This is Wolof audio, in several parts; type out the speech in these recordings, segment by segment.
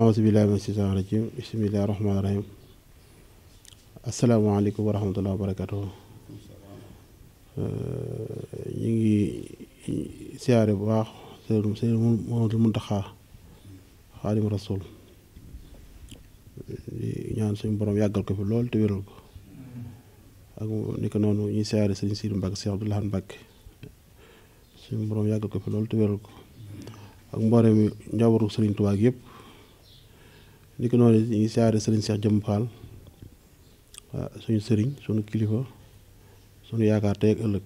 auzu billaahi mina sheytaani rajiim bismillaahi rahmaani rahiim asalaamaaleykum wa rahmatullaahi wa barakaatuh ñu ngi siyaare bu baax sëriñ sëriñ Muhammadul Muntaxaa Xaadimu Rasuul ñaan suñu borom yàggal ko fi lool te wéral ko ak ni ko noonu suñu borom yàggal ko fi lool te wéral ko ak njabootu sëriñ Tuubaa yëpp. ni ko noonu ñu ngi siyaare sëriñ seex Jëmm Fall waaw suñu sëriñ suñu kilifa suñu yaakaar tey ak ëllëg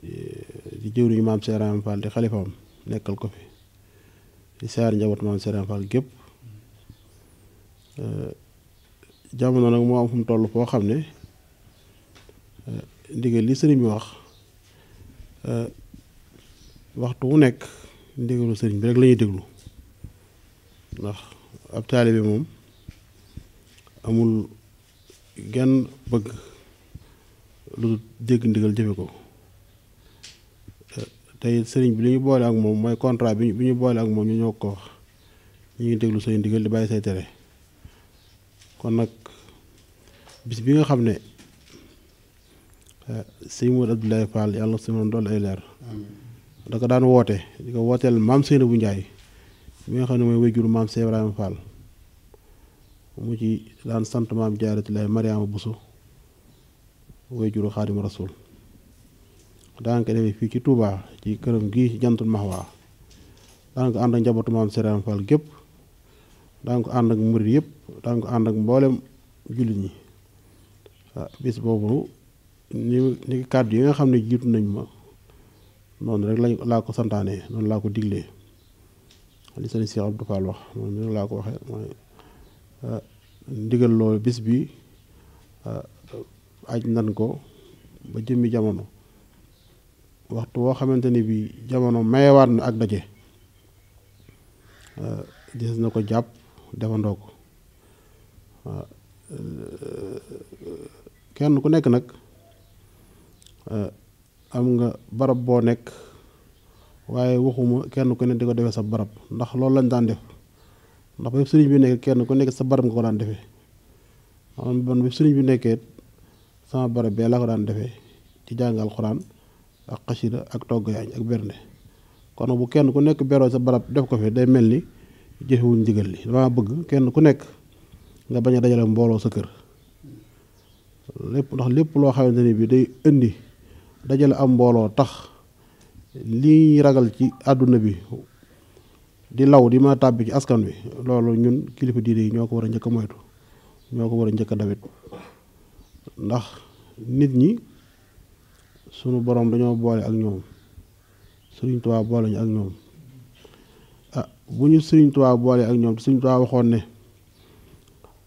eh, di jëwriñu maam Seeraam Fall di xalifaam nekkal ko fi di siyaar njaboot maam Seeraam Fall gépp eh, jamono nag moo am fu mu toll foo xam ne eh, ndigal li sëriñ bi wax waxtu wu nekk ndigalu sëriñ bi rek la ñuy déglu ndax ab taalibe moom amul genn bëgg lu dégg ndigal jëfe ko tey sëriñ bi lu ñu boole ak moom mooy contrat bi ñu boole ak moom ñu ñoo ko wax ñu ngi déglu say ndigal di bàyyi say tere kon nag bis bi nga xam ne eh, sëñ Modou Abdoulaye Fall yàlla na si dool ay leer da ko daan woote di ko wooteel maam bu Ndiaye bi nga xam ne mooy wéjuru maam Cheikh Ibrahima Fall mu ci daan sant maam Jaaratullaahi Mariama Buso wéjuru Xaadimu Rasuul daan ko defee fii ci tuubaa ci këram gi jantul Mahwa daan ko ànd ak njabootu maam Cheikh Ibrahima gépp daan ko ànd ak murit yëpp daan ko ànd ak mboolem jullit yi ah, bis boobu ni ni kàddu yi nga xam ne jiitu nañ ma noonu rek lañ laa ko santaane noonu laa ko diglee li sëriñ Cheikh Abdou Fall wax moom laa ko waxee ah, ndigal loolu bis bi ah, aj nan ko ba jëmmi jamono waxtu woo xamante ni bii jamono mayewaat na ak daje ah, des na ko jàpp defandoo ko kenn ku nekk nag am nga barab boo nekk waaye waxuma kenn ku ne di ko sa barab ndax loolu lañ daan def ndax sëriñ bi nekk kenn ku nekk sa barab nga ko daan defee man ban ba nekkee sama barab bee laa daan defee ci jàngal xuraan ak ak togg yaañ ak bernde kon bu kenn ku nekk beroo sa barab def ko fi day mel ni jëfewuñ ndigal li dama bëgg kenn ku nekk nga bañ a dajale mbooloo sa kër lépp ndax lépp loo xamante ni bi day indi dajale am mbooloo tax lii ragal ci àdduna bi di law di ma tàbbi ci askan wi loolu ñun kilifa diine yi ñoo ko war a njëkk a moytu ñoo ko war a njëkk a dawit ndax nit ñi sunu boroom dañoo boole ak ñoom Sëriñ Tuubaa boole ñu ak ñoom ah bu ñu boole ak ñoom Sëriñ waxoon ne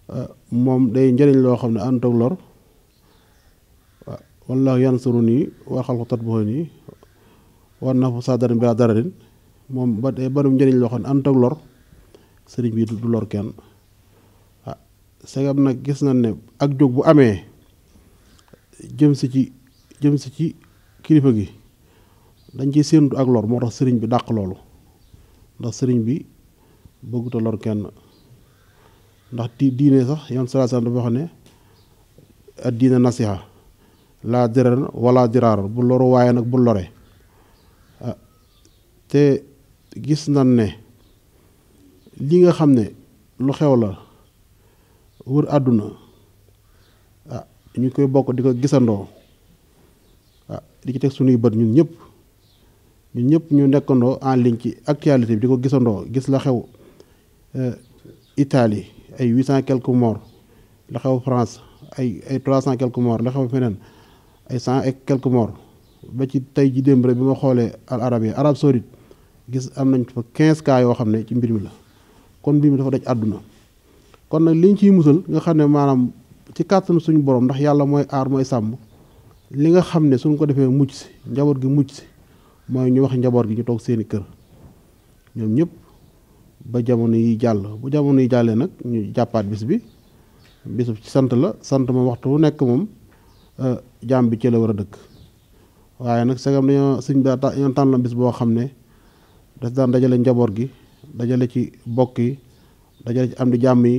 ah, moom day njëriñ loo xam ne ànd ak lor ah, wallaahu yansuru nii waxal ko tat boxon yi war na fa saa dara bi dararin moom ba tey banum njëriñ loo xam ne ànd ak lor sëriñ bi du lor kenn ah segam gis nañ ne ak jóg bu amee jëm si ci jëm si ci kilifa gi dañ ciy séentu ak lor moo tax sëriñ bi dàq loolu ndax sëriñ bi bëgguta lor kenn ndax di diine sax yoon salaasan dafa wax ne ad diine laa laa dirar wala diraar bu loru waaye nag bu lore te gis nan ne li nga xam ne lu xew la wër àdduna ah ñu koy bokk di ko gisandoo ah di ci teg sunuy bët ñun ñëpp ñun ñëpp ñu nekkandoo en ligne ci actualité bi di ko gisandoo gis la xew eh, Italie ay huit cent quelques morts la xew France ay ay trois cent quelques morts la xew feneen ay cent et quelques ba ci tey ji démb rek bi ma xoolee al arab yi Arabie Saoudite gis am nañ fa 15 cas yoo xam ne ci mbir mi la kon mbir mi dafa daj àdduna kon nag liñ ciy musal nga xam ne maanaam ci kàttanu suñu borom ndax yàlla mooy aar mooy sàmm li nga xam ne suñ ko defee mujj si njaboot gi mucc si mooy ñu wax njaboot gi ñu toog seeni kër ñoom ñëpp ba jamono yi jàll bu jamono yi jàllee nag ñu jàppaat bis bi bisu ci sant la sant moom waxtu wu nekk moom euh, jaam bi ci la war a dëkk waaye nag sagam dañoo suñ daa tànn bis boo xam ne daf dajale njaboot gi dajale ci bokk yi dajale ci am di jàmm yi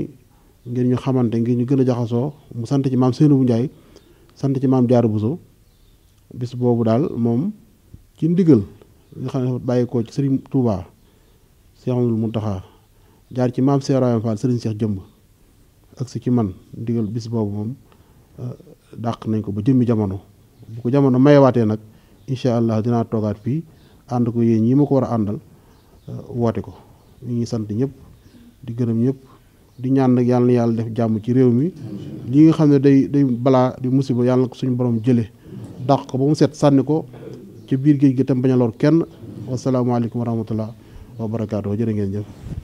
ngir ñu xamante ngir ñu gën a jaxasoo mu sant ci maam bu Ndiaye sant ci maam bu Bousso bis boobu daal moom ci ndigal nga xam ne bàyyi ko ci Serigne Touba mu Mountakha jaar ci maam Seeraayam Fall Serigne Cheikh jëmb ak si ci man ndigal bis boobu moom euh, dàq nañ ko ba jëmmi jamono bu ko jamono mayewaatee nag incha allah dinaa toogaat fii ànd ko yéen ñi ma ko war a àndal woote ko ñu ngi sant ñëpp di gërëm ñëpp di ñaan nag yàlla na yàlla def jàmm ci réew mi li nga xam ne day day balaa di musiba yàlla na ko suñu borom jële dàq ko ba mu set sànni ko ci biir géej gi tam bañ a kenn wasalaamaaleykum wa rahmatullah wa barakaatu jërë ngeen jël